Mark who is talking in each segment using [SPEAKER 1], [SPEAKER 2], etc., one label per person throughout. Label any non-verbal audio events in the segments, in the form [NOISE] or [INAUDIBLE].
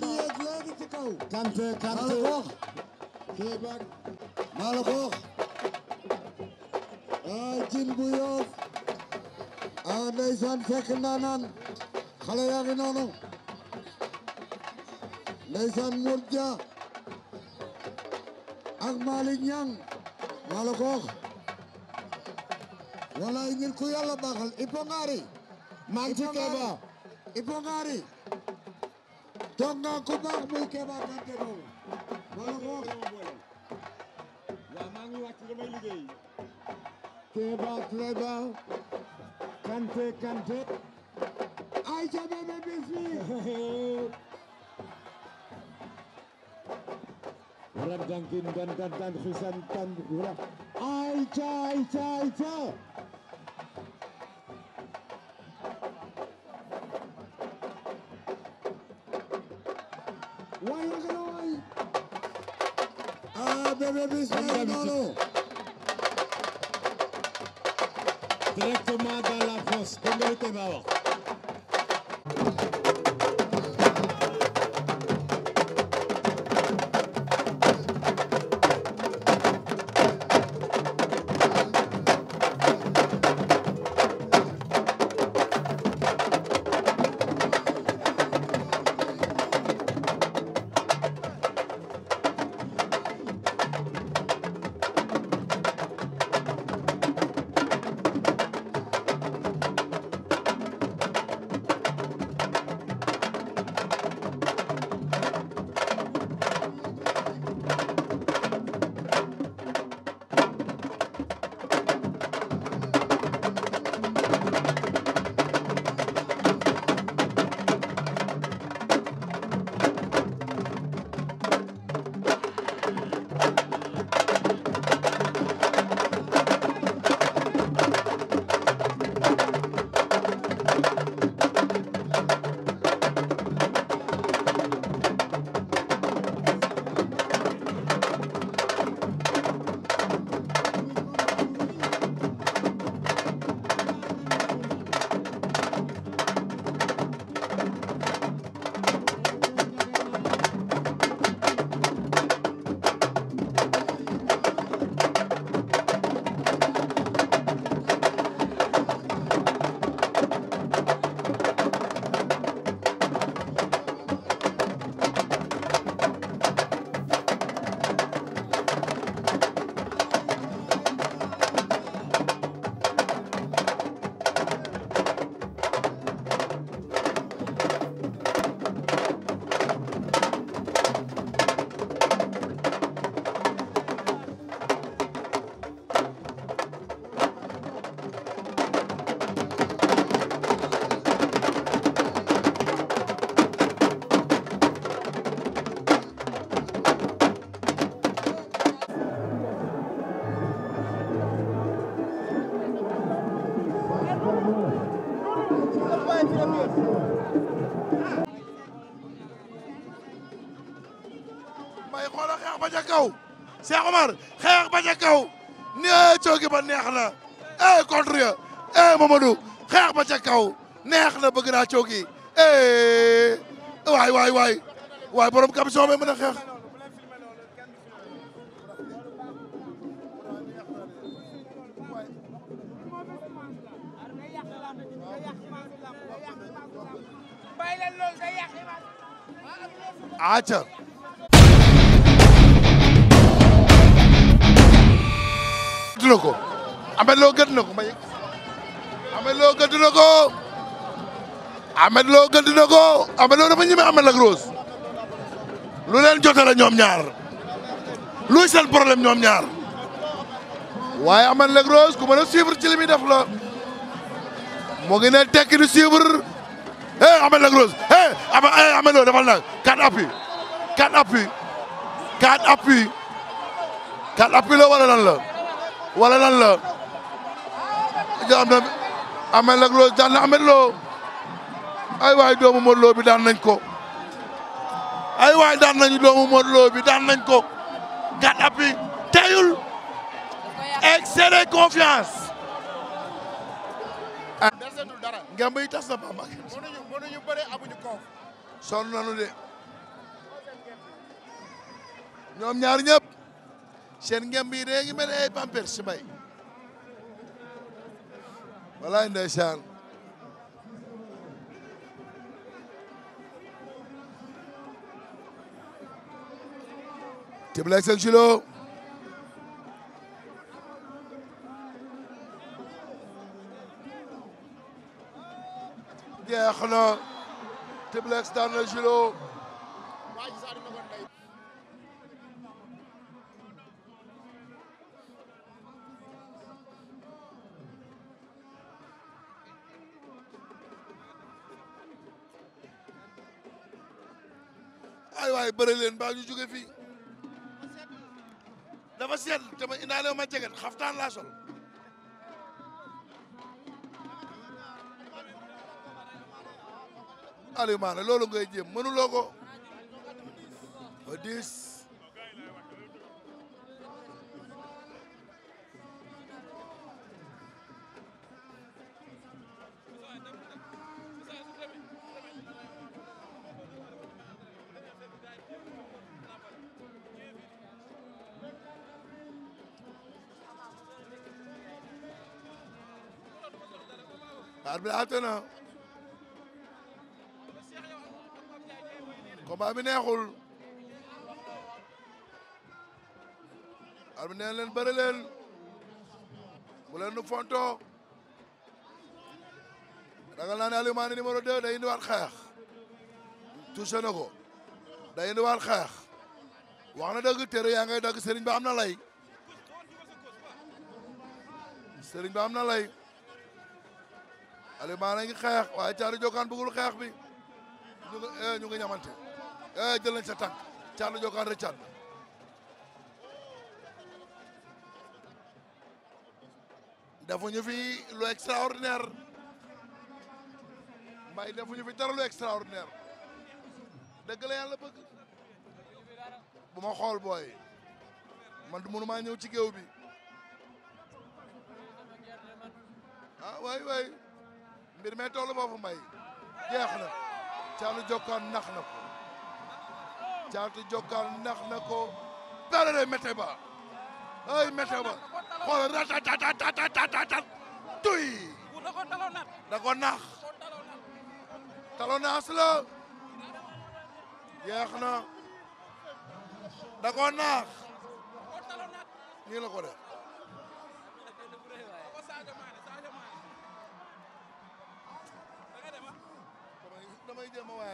[SPEAKER 1] di yéeg léegi fekk naa naan. xale ngi noonu.
[SPEAKER 2] ndeysaan Mour Dia. ak Malick Niang. maa la ko wax. ngir ku yàlla baaxal Ipo Ngari. maa ngi ci Kéba toog naa ku baax muy
[SPEAKER 1] Keba Kanté boobu maa ngi ko waaw maa ngi wàcc damay Keba Keba Kanté Kanté ay ca bébé bis bi rab dankin dan dan xisan tan ay ca ay ca Directement dans Directement dans la France.
[SPEAKER 2] عمر خيغ باجاكو نيتوكي با نيخنا اي كونتريا اي مامادو خيغ باجاكو نيخنا بغنا تشوكي اي واي واي واي واي بروم كابسو مي من خيغ عجب na ko Ameth Lo na ko ma yëg Ameth Lo gëdd na ko Ameth Lo gëdd na ko Ameth Lo dafa lu leen jote la ñoom ñaar luy seen problème ñoom ñaar waaye Ameth ak Rose ku mën a suivre ci li muy def la moo ngi ne tekki di suivre eh Ameth ak Rose eh Ameth Lo defal na quatre appuis quatre appuis quatre appuis quatre appuis la wala lan la wala lan la am na Ahmed Lac ay waay doomu Modou Lo bi daan nañ ko ay waay daan nañu doomu Modou Lo bi daan nañ ko gat teyul tayul excès de confiance ah, desetul dara ngemb yi tas na ba mag mënuñu mënuñu bëre amuñu koof de ñoom ñaar ñëpp seen ngemb yi dee ngi mel ay pampers si mbay walaay ndeysaan Tea Black bëre baa ba ñu jóge fii dafa seet te ma indaale ma jeget xaftaan laa sol loolu ngay jéem mënuloo ko ba diis arbitre àtte na combat bi neexul arbitre nee leen bëri leen bu leen nu fonto ragal naa ne Aliou Mané numéro 2 day indiwaat xeex touché na ko day indiwaat xeex wax na dëgg téere yaa ngay dagg sëriñ ba na lay sëriñ ba am na lay Aliou mana ngi xeex waaye Thiatou Diokane bëggul xeex bi ñu ngi ñu eh, ngi ñamante eh, jël nañ sa tànk Thiatou Diokane rëccaat na defuñu fi lu extraordinaire mbay defuñu fi tar lu extraordinaire dëgg la yàlla bëgg bu ma xool booy man du mënumaa ñëw ci bi ah waay waay mbir mee toolu foofu mbay jeex na caatu jokkaan nax na ko caatu jokkaan nax na ko dara de ba ay mété ba xool ratatatatatatatat tuy da ko nax talonaas la jeex na
[SPEAKER 3] da nax nii la ko def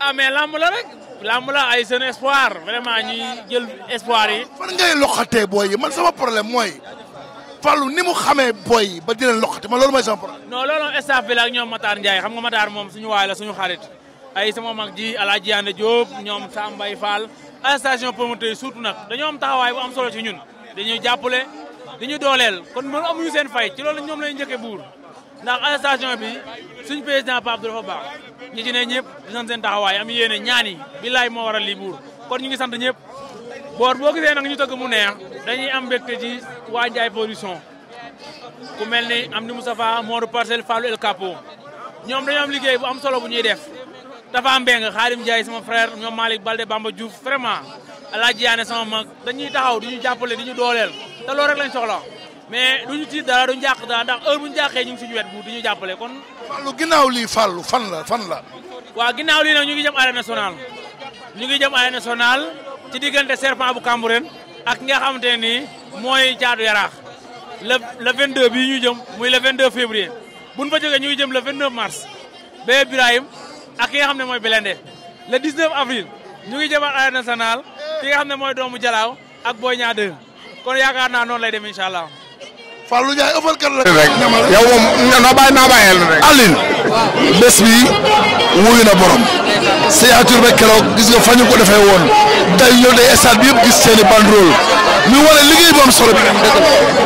[SPEAKER 3] ah mais lamb la rek. lamb la ay seen espoir vraiment ñuy jël espoir yi. fan ngay loxatee
[SPEAKER 2] booy yi man sama problème mooy Fallou ni mu xamee booy yi ba di leen loxate man loolu mooy sama problème.
[SPEAKER 3] non loolu staff bi la ak ñoom Matar Ndiaye xam nga Matar moom suñu waay la suñu xarit ay sama mag ji El Hadj Yande Diop ñoom Sam Mbaye Fall association promoteur yi surtout nag dañoo am taxawaay bu am solo ci ñun dañuy jàppale dañuy dooleel kon man ñu seen fay ci loolu ñoom lay njëkkee buur. ndax association bi suñ président Pape dafa baax ñi ci ñëpp di sant seen taxawaay am yéene ñaan yi moo waral lii buur kon ñu ngi sant ñëpp boor boo gisee ñu tëgg mu neex dañuy am mbégte ci waa jaay production ku mel ni am ni Moustapha Modou Parcelle Fallou El Capo ñoom dañoo am liggéey bu am solo bu ñuy def dafa mbeng Xaadim Ndiaye sama frère ñoom Malick Balde Bamba Diouf vraiment Alaaji Yaane sama mag dañuy taxaw di ñu jàppale di ñu dooleel te soxla mais du ñu tiit dara du ñu jàq dara ndax heure bu ñu jàqee ñu ngi suñu wet bu du ñu jàppale kon.
[SPEAKER 2] Fallou ginnaaw lii Fallou fan la
[SPEAKER 3] fan la. waaw ginnaaw lii na ñu ngi jëm arène nationale ñu ngi jëm arène nationale ci diggante serpent bu Cambérène ak nga xamante ne nii mooy caatu yaraax le le 22 bii ñu jëm muy le 22 février bu ñu fa jógee ñu gi jëm le 29 mars bee Ibrahim ak ki nga xam ne mooy Belende le 19 avril ñu ngi jëmaat arène nationale ki nga xam ne mooy doomu Jalaaw ak Boy Niang kon yaakaar naa noonu lay dem incha allah. Fallou Ndiaye ëppalkat la rek yow moom noo bàyyi naa bàyyeel rek Aline
[SPEAKER 2] bés bi wuyu na borom signature ba keroog gis nga fañu ko defee woon day ñëw
[SPEAKER 3] day stade bi yëpp gis seeni banderole ñu wane liggéey bu am solo bi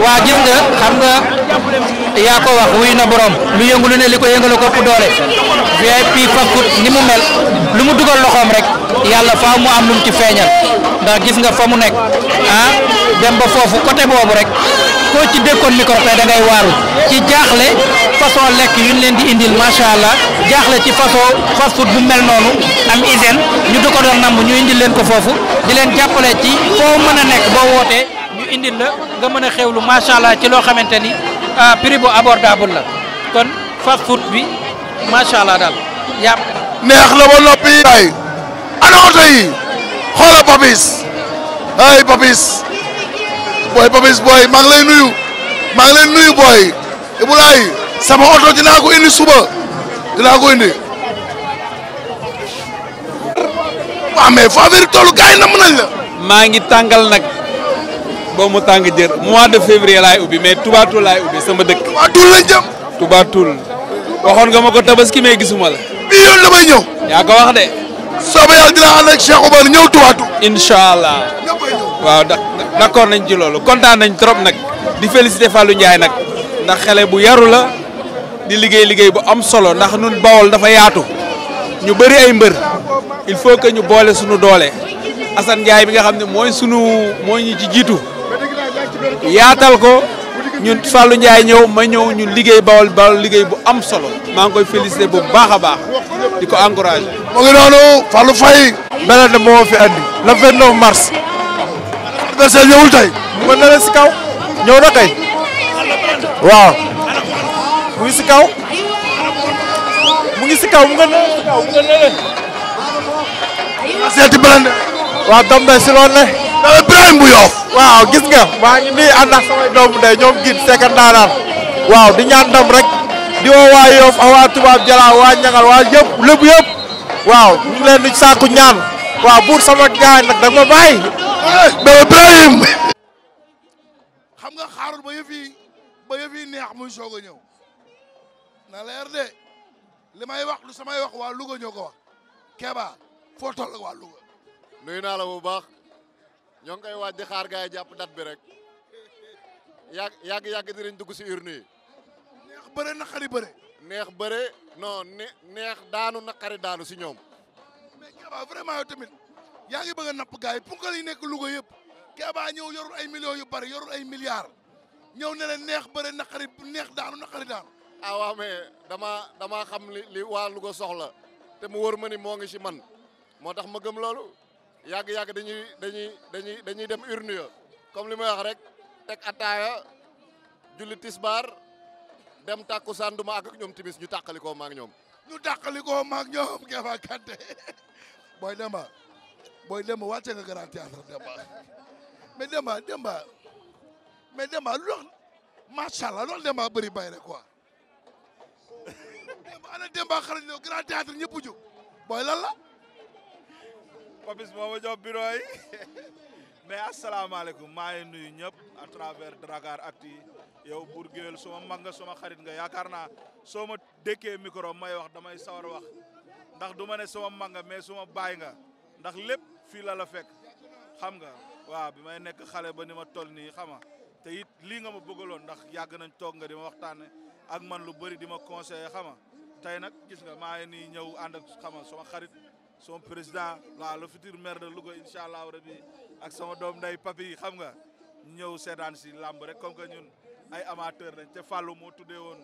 [SPEAKER 3] waa gis nga xam nga yaa ko wax wuyu borom lu yëngu ne li ko ko ëpp doole VIP Fafcourt ni mu mel lu mu dugal loxoom rek yàlla faaw mu am lu mu ci feeñal ndax gis nga fa mu nekk ah dem ba foofu côté boobu rek koo ci dékkoon micro tey da ngay waaru ci jaaxle façon lekk yu leen di indil macha allah jaaxle ci façon fast food bu mel noonu am hygiène ñu du ko doon namb ñu indil leen ko foofu di leen jàppale ci foo mën a nekk boo wootee ñu indil la nga mën a xewlu macha allah ci loo xamante ni ah, prix bu abordable la kon fast food bi macha allah daal yàpp
[SPEAKER 2] neex la ba noppi. ay ana oto yi
[SPEAKER 3] xoola papis
[SPEAKER 2] ay papis booy Papis booy maa ngi lay nuyu maa ngi lay nuyu booy Ibulaay sama oto dinaa ko indi suba dinaa ko indi
[SPEAKER 3] waaw mais foo affaire toolu gars yi namm nañ la. maa ngi tàngal nag boo mu tàng jër mois de février laay ubbi mais Toubatou laay ubbi sama dëkk. Toubatou lañ jëm. Toubatou waxoon nga ma tabaski mais gisuma la. bii yoon damay ñëw. yaa ko wax de. soobee yàlla dinaa ànd ak Cheikh ñëw tuwaatu. incha waaw da accord nañ ci loolu kontaan nañ trop nag di félicité Fallou njaay nag ndax xale bu yaru la di liggéey liggéey bu am solo ndax nun Bawol dafa yaatu ñu bëri ay mbër il faut que ñu boole suñu doole Assane Ndiaye bi nga xam ne mooy sunu mooy ñu ci jiitu
[SPEAKER 1] yaatal ko.
[SPEAKER 3] ñun Fallou Ndiaye ñëw ma ñëw ñu liggéey bawol bawol liggéey bu am solo maa ngi koy félicité bu baax a baax di ko encouragé.
[SPEAKER 2] mu ngi noonu Fallou Faye. beneen bi moo fi andi. le 29 mars. adversaire ñëwul tey. mën na la si kaw. ñëw na kay. waaw. mu ngi si kaw. mu nga ne kaw seeti beneen. waaw Dombe si loolu ne. dama Birahim bu Yoff waaw gis nga maa ngi nii ànd ak samay doomu ndey ñoom gin seekan
[SPEAKER 3] daanaan waaw di ñaan ndam rek di woo waa Yoff ak waa tubaab jalaa waa ñangal waa yëpp lépp yëpp waaw ñu leen di sàkku ñaan waaw buur sama gaay nak da ma bàyyi
[SPEAKER 1] dama Birahim
[SPEAKER 2] xam nga xaarul ba yëf yi ba yëf yi neex muy soog a ñëw na leer de li wax lu samay wax waa Louga ñoo ko wax Kéba foo toll ak waa Louga nuyu naa la bu baax ñong ngi koy waaj xaar gaay japp dat bi rek yag yag yàgg dinañ dugg si urne neex beure na xari beure neex beure non neex daanu xari daanu si ñom mais keba vraiment tamit yaangi bëgg a napp gars yi punkal yi nekk lugo yëpp keba ñew yorul ay millions yu bari yorul ay milliards ñew ne leen neex na xari neex daanu xari daanu. ah waaw mais dama dama xam li wa lugo soxla te mu wër ma ni ngi ci man motax ma gëm lolu yàgg-yàgg dañuy dañuy dañuy dañuy dem urne ya comme li may wax rek teg attaaya julli tisbaar dem tàkkusaan du ma ñoom timis ñu tàqalikoo maak ñoom ñu tàqalikoo maak ñoom booy Demba booy Demba wàcce nga grand théâtre Demba mais Demba Demba mais Demba lool macha allah lool Demba bëri bay rek quoi Demba ana Demba xarañ lo grand théâtre ñëpp jóg booy lan Papis Momo Diop biro yi mais assalamu alaikum may nuyu ñep à travers dragar Actu yow Bour suma manga suma xarit nga yakarna suma deke micro may wax damay sawar wax ndax duma ne suma manga mais suma bay nga ndax lepp fi la la fek xam nga wa bi may nek xalé ba ni toll ni xama te it li nga ma bëggalon ndax yag nañ tok nga di waxtane ak man lu bari di ma xama tay nak gis nga may ni ñew and ak xama suma xarit son président waaw le futur maire de Louga incha allah rabi ak sama doom nday papi xam nga ñëw seetaan si làmb rek comme que ñun ay amateur lañ ca Fallou moo tuddee woon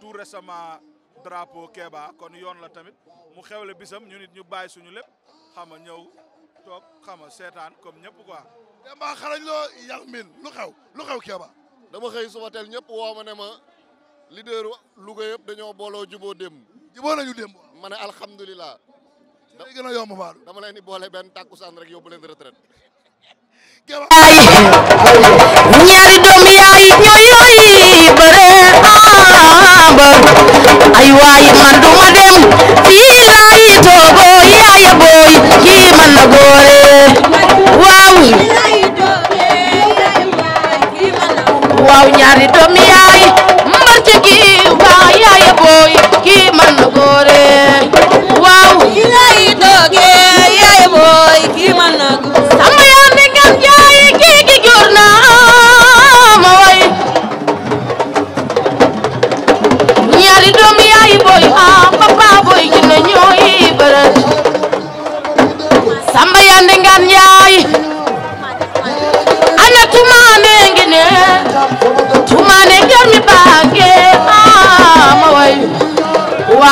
[SPEAKER 2] tout récemment drapeau Kéba kon yoon la tamit mu xewle bisam ñu nit ñu bàyyi suñu lépp xam nga ñëw toog xam nga seetaan comme ñëpp quoi. Kéba xarañ loo yàq min lu xew lu xew Kéba. dama xëy suba teel ñëpp woo ma ne ma leader Louga yëpp dañoo booloo juboo démb. juboo nañu démb. ma ne alhamdulilah. day gën a yomb Fallou leen di boole benn tàkkusaan
[SPEAKER 1] rek yóbbu [LAUGHS] ñaari doomi yaay ñooy bëre ba ay waay man du ma fii laay toogoo yaaya booy kii man na góore waaw ñaari doomi yaay mbar ci kii waa yaaya booy kii man na góore waaw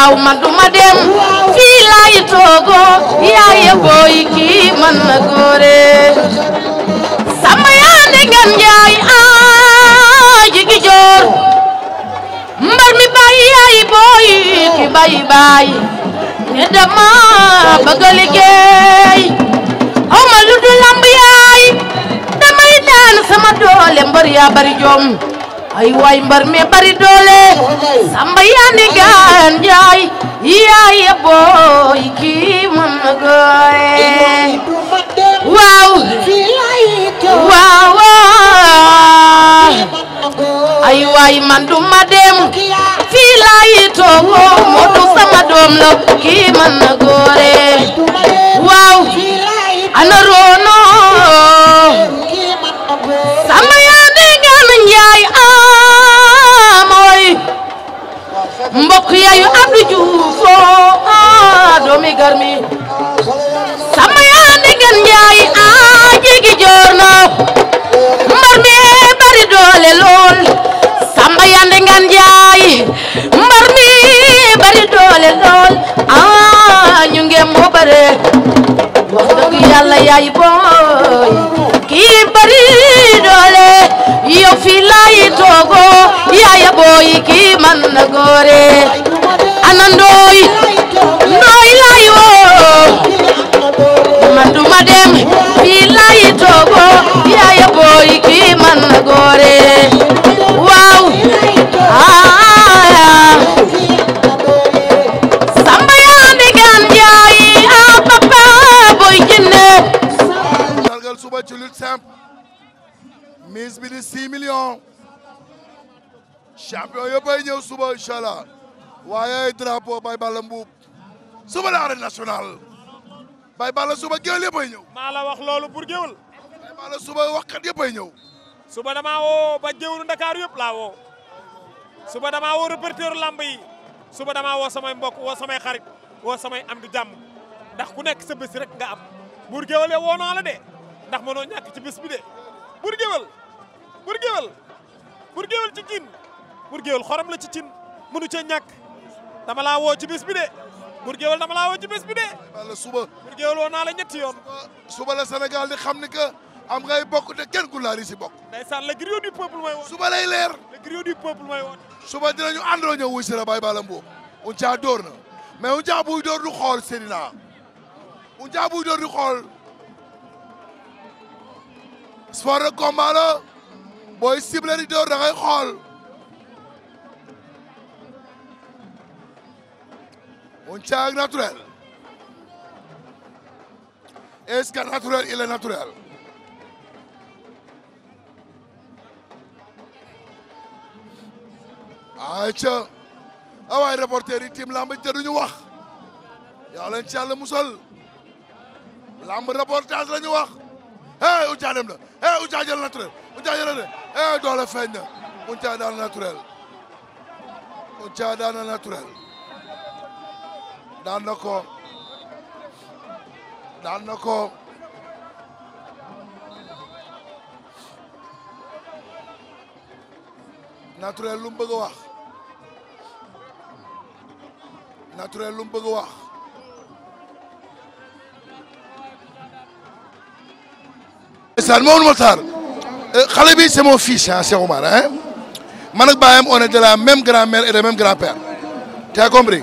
[SPEAKER 1] waaw duma dem fii laay toogo yaaye booy kii na góore sama yaande ngan njaay aa jigi mbar mi baay yaay booy ki baay baay ne dama bëgg liggéey ma lu du lamb yaay damay daan sama doole mbar yaa bari ay waay mbar me bari doole samba yaani gaan jaay yaay ya booy kii mën na góore waaw waaw ay waay man du ma dem fii laay toog moo du sama doom la kii mën na góore waaw ana roonoo yaay amooy mbokk yaayu Abdou Diouf oh, a ah, doomi garmi sama yaa ndegen njaay a ah, jigi na mbar bari doole lool samba yaa ndegen njaay mbar bari doole lool a ah, ñu nge moo bare wax dëgg yàlla yaay booy kii bari doole yow fi lay toogo yaaya booy ki man na góore ana ndooy ndooy lay man du ma dem fi lay toogo yaaya booy ki man na góore
[SPEAKER 2] champion yëppay ñëw suba incha allah waaye drapeau Baye Balla Mbuub suba la arène nationale Baye Balla suba géwél yëppay ñëw.
[SPEAKER 3] maa la wax loolu pour géwél. Baye Balla suba waxkat yëppay ñëw. suba damaa woo ba géwélu Ndakaaru yëpp laa woo suba damaa woo reporteuru lamb yi suba damaa woo samay mbokk woo samay xarit woo samay am di jàmm ndax ku nekk sa bés rek nga am. buur géwél yow woo naa la de ndax mënoo ñàkk ci bés bi de buur géwél buur géwél buur géwél ci kiin Bour Gueweul xorom la ci mu mënu cee ñàkk dama laa woo ci bis bi de Bour Gueweul dama laa woo ci bis bi de. wala suba Bour Gueweul naa la ñetti yoon. suba la Sénégal di xam ni que
[SPEAKER 2] am ngay bokk te kenn ku laari si bokk. ndeysaan le griot du mooy woon. suba lay leer. le griot du peuple mooy woon. suba dinañu àndoo ñëw wuy si la Baye Balla Mbow. Ounthia door na mais Ounthia buy door du xool Sédina Ounthia buy door du xool sport de combat la booy ciblé di door da ngay xool. un chag naturel. Est-ce que naturel, il est naturel. ayca awaay reporter yi tiim lamb te duñu wax yaa leen ci yàlla musal lamb reportage la ñu wax hey Outhia dem na hey Outhia jël naturel Outhia jël na hey doole feeñ na Outhia daan naturel Outhia daan naturel daan na ko daan na ko naturel lu mu bëgg a wax naturel lu bëgg a wax ndeysaan Mamadou Matar euh, xale bi c'est mon fils ah Cheikh Oumar hein man ak baayam on de la même grand-mère et de même grand-père tu as compris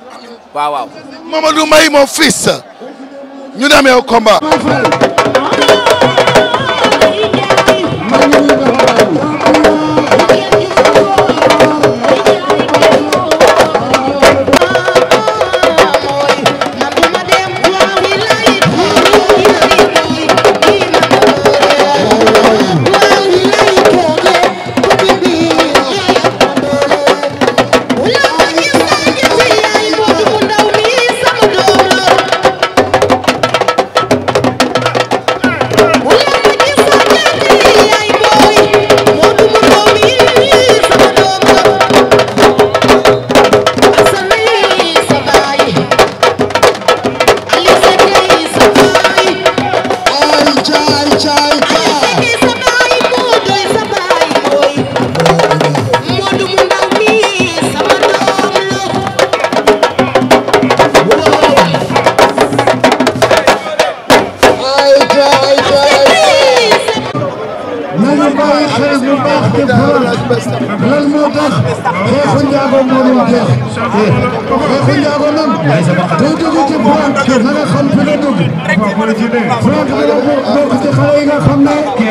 [SPEAKER 2] waaw waaw. Mamadou Mbaye mon fils ñu demee au combat.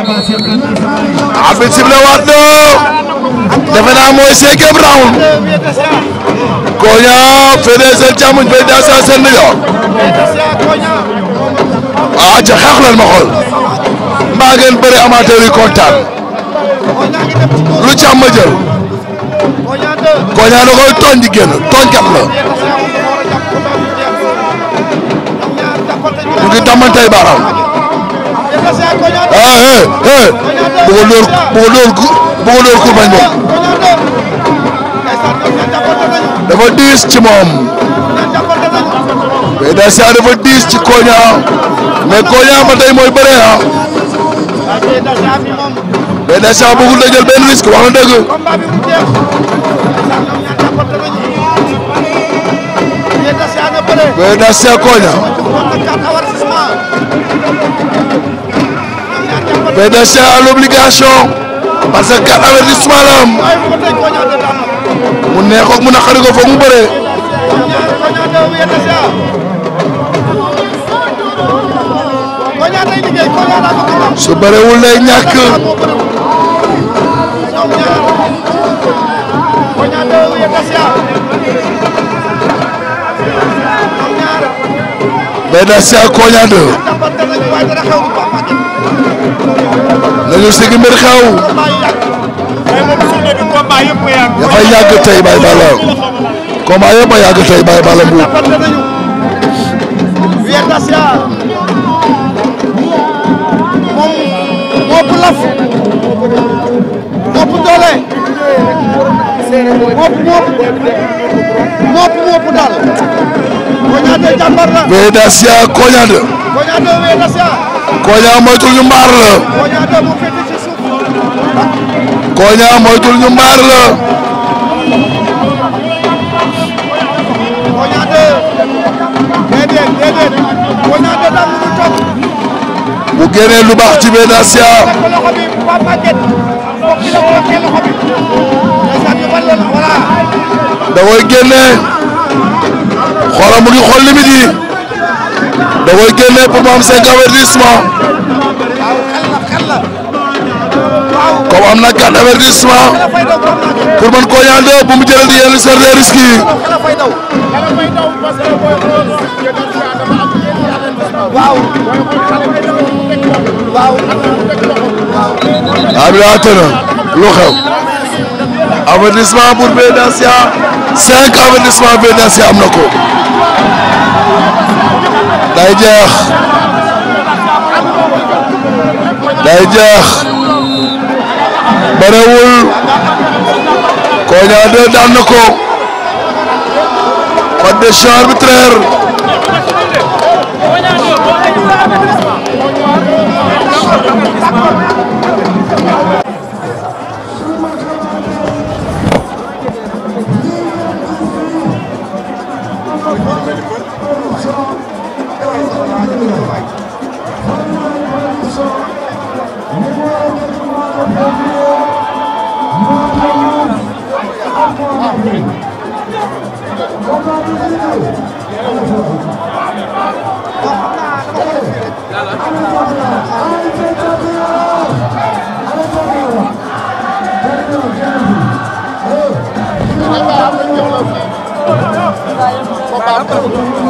[SPEAKER 1] arbitre sifflé waat na defe naa mooy cinquième round
[SPEAKER 2] Konia féetee seen càmmoñ bay daasa seen ndijoor ah ca xeex leen ma xool mbaa ngeen bëri amateur yi kontaan lu jël Konia da tooñ di génn tooñkat la ñu ngi damantay baaraam ah eh eh bu door bu door bu ko door dafa diis ci moom mais daal saa dafa diis ci Konia mais Konia ba tey mooy bëre ah mais daal saa benn risque wax na dëgg. mais daal saa PDG a l'obligation parce que kat avertissement mu neex mu naqari ko foog mu bëree. su bëreewul lay ñàkk. PDG Konia nañu sigi mbir xew. dafay yàgg tey Baye Balla. combat yëpp a yàgg tey Baye Balla Mbuur.
[SPEAKER 1] moom moo ëpp laf moo ëpp doole moo ëpp moo ëpp moo ëpp daal. Koñaate jàmbar la. Weda
[SPEAKER 2] Sia Koñaate.
[SPEAKER 1] Koñaate Weda Sia.
[SPEAKER 2] Koña moytul ñu mbaar la. Koña moytul ñu mbaar la. bu génnee lu baax ci benn Asia. da koy génne. xoolal mu ngi xool limite yi. da koy génne pour mu am cinq avertissement comme am na quatre avertissement pour man koo ñaan deux bu mu di yenn certains risques yi. waaw. Abdoulaye Atena lu xew. avertissement pour Bédacia cinq avertissement Bédacia am ko. day jeex day jeex barewul Konia 2 daan na ko code de champ arbitraire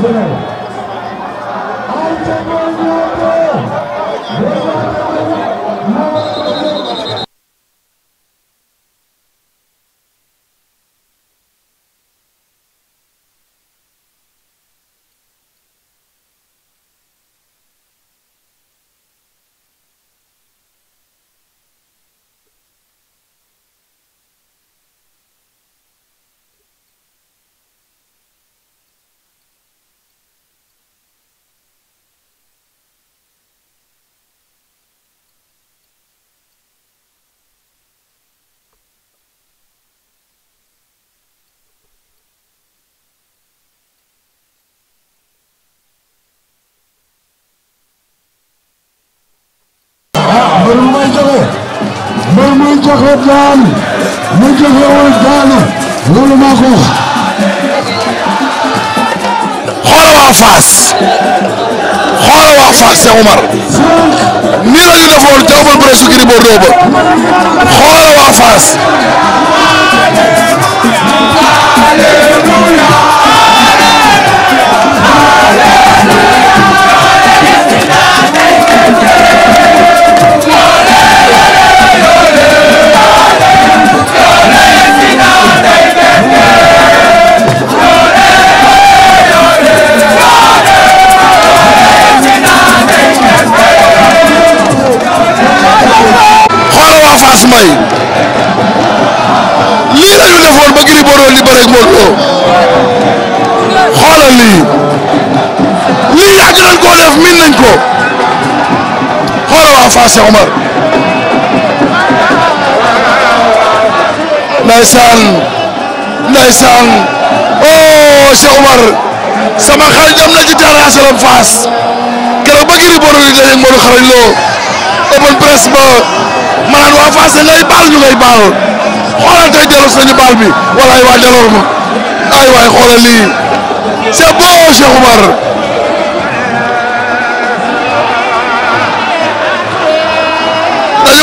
[SPEAKER 2] それなの joxe daan mu joxe woon daan loolu maa ko wax. xoolal waa Fass xoolal waa Fass Cheikh Omar nii la ñu defoon ca open presse Gris Bordeaux ba xoolal waa Fass. Cheikh Omar oh Cheikh sama xel dem na ci terrain HLM Fass keroog ba Gris Bordeaux di dajeeg Modou Xarañ Lo open press ba ma naan waa Fass ngay baal ñu ngay baal xoolal tey delloo suñu baal bi Omar.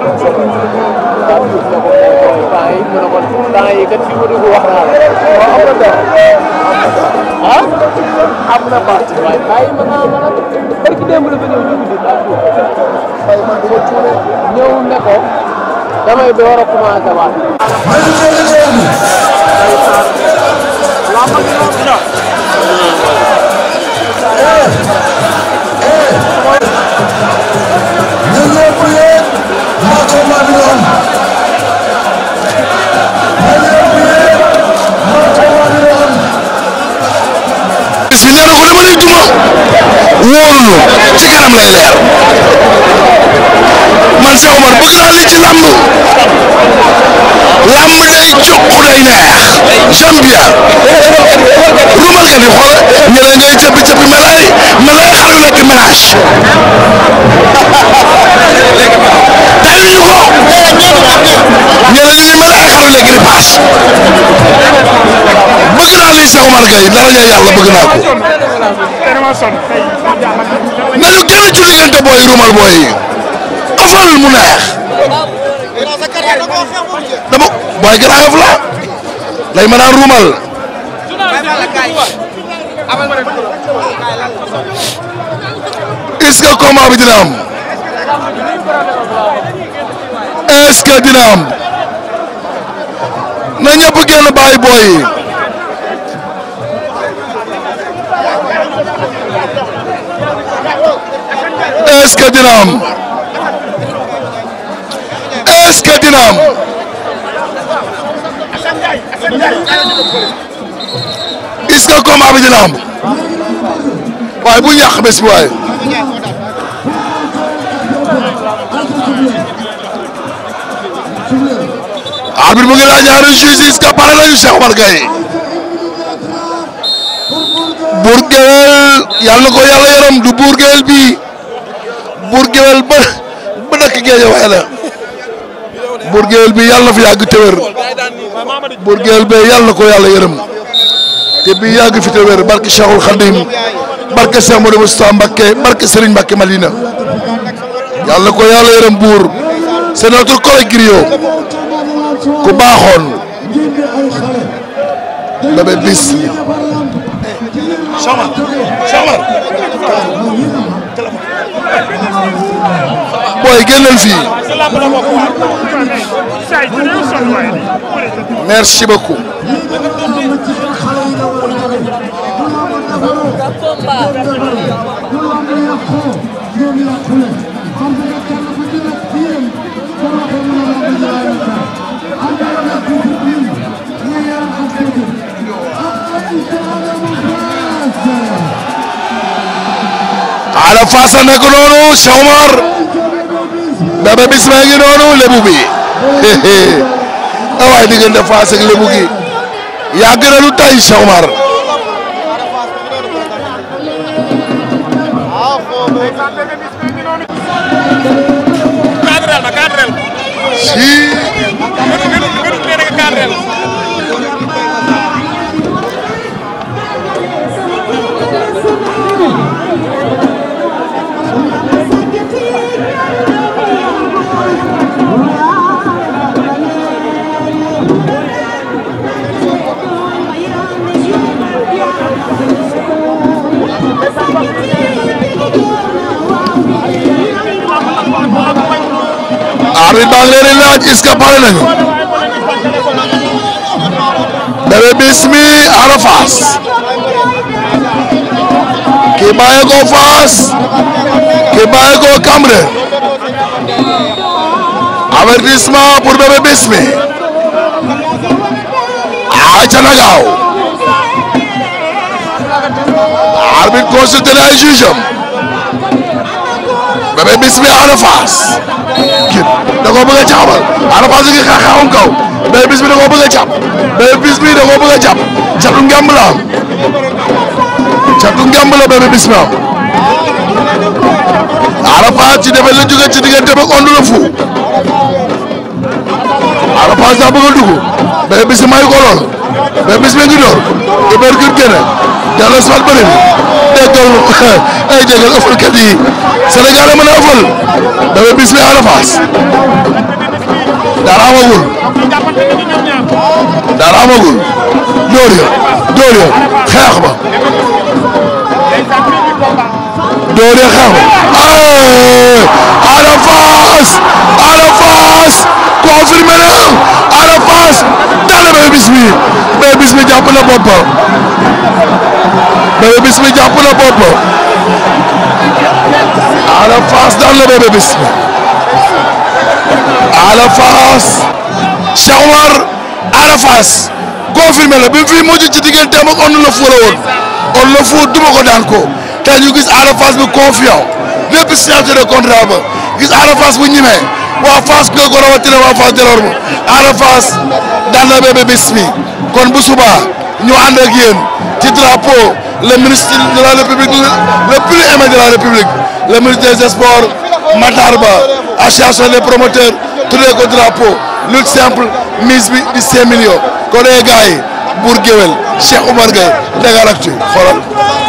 [SPEAKER 3] waaw temps yi mën na ko temps yi kat fi mu dugg wax naa la. waaw am na dara. ah. am na parti waaye temps yi mën naa mën a. barki démb la fa ñëw ñu guddi daal di waaye man du ma tuure ñëw ne ko damay ba war a commencé waat. waaw.
[SPEAKER 1] wóorlu ci kanam lay leer man Cheikh Omar bëgg naa lii
[SPEAKER 2] ci làmb làmb lay jokk lay neex j'aime bien lu ma xëy xool ñu ne ñooy cëppi cëppi melaay melaay xale nekk Omar Gueye dara yàlla bëgg naa ko nañu gën a ci liggéeyante booy yi ruumal booy yi mu neex
[SPEAKER 1] dama
[SPEAKER 2] booy Grand Yoff la mën a ruumal est-ce que combat bi dina est-ce que dina am na ñëpp génn bàyyi booy yi est-ce que dina am est waaye bu ñu yàq bés bi waaye. arbitre mu ngi laaj ñaari juge est-ce que pare nañu Cheikh Omar Gaye Bour na ko yàlla yaram du Bour Gueweul bi Bour Gueweul ba ba dëkk Guédiawaye la Bour Gueweul bi yàlla na fi yàgg te wér Bour Gueweul bi na ko yàlla yaram te bi fi te wér barke Cheikhul Khadim barke Cheikh Modou Moustapha Mbacké barke Serigne Mbacké Malina yàlla na ko yàlla yaram buur c'est notre collègue
[SPEAKER 1] ku baaxoon
[SPEAKER 2] bébé bis Chamar Chamar
[SPEAKER 1] booy génnal fii
[SPEAKER 2] merci beaucoup
[SPEAKER 1] Ada Fass a noonu Cheikh Omar Bébé Bismi ngi noonu lébu
[SPEAKER 2] bi [LAUGHS] waaye diggante Fass ak lébu gi yàgg na lu tay Cheikh Omar si arbitre baa ngi leen laaj est-ce que pare nañu Bismi Ada Fass kii bàyyi ko Fass kii bàyyi ko Cambérène avertissement pour Bébé Bismi aca na gaaw arbitre consulté na ay Bébé Bismi Ada Fass kii da koo bëgg a jàppal Ada Fass gi xaaxaawam kaw Bébé Bismi da koo bëgg a jàpp Bébé Bismi da koo bëgg a jàpp catu ngemb la catu ngemb la Bébé Bismi am Ada Fass ci defet la jóge ci diggante ba ondu la fu Ada Fass daa bëgg a dugg Bébé Bismi may ko lool Bébé Bismi ngi door ibeer kër gene delloo si waat bëri na déggal [LAUGHS] ay déggal ëffalkat yi Sénégal a mën a ëppal Bébé Bismi Ada Fass dara amagul dara amagul dóor ya xeex ba dóor xeex ba Ada Fass na Ada Fass daan na Bébé Bismi Bébé Bismi jàpp na boppam Bébé Bismi jàpp na boppam Ada Fass daan na Bébé Bismi Ada Fass Cheikh Omar Ada fi mujj ci digganteem ak on le fou la woon on le fou duma ko daan ko te ñu gis Ada Fass bi confiant lépp signature de contrat gis Ada bu ñimee waa Fass nga ko rawatina waa Fass jëloon ma Ada Fass daan na Bébé Bismi kon bu subaa ñu ànd ak yéen ci drapeau de la république le plus aimé de la république le ministre des sports Matar Ba association des promoteurs tuddee ko drapeau lutte mise bi di 5 millions. kon les eh, gars yi Bour Gueweul Cheikh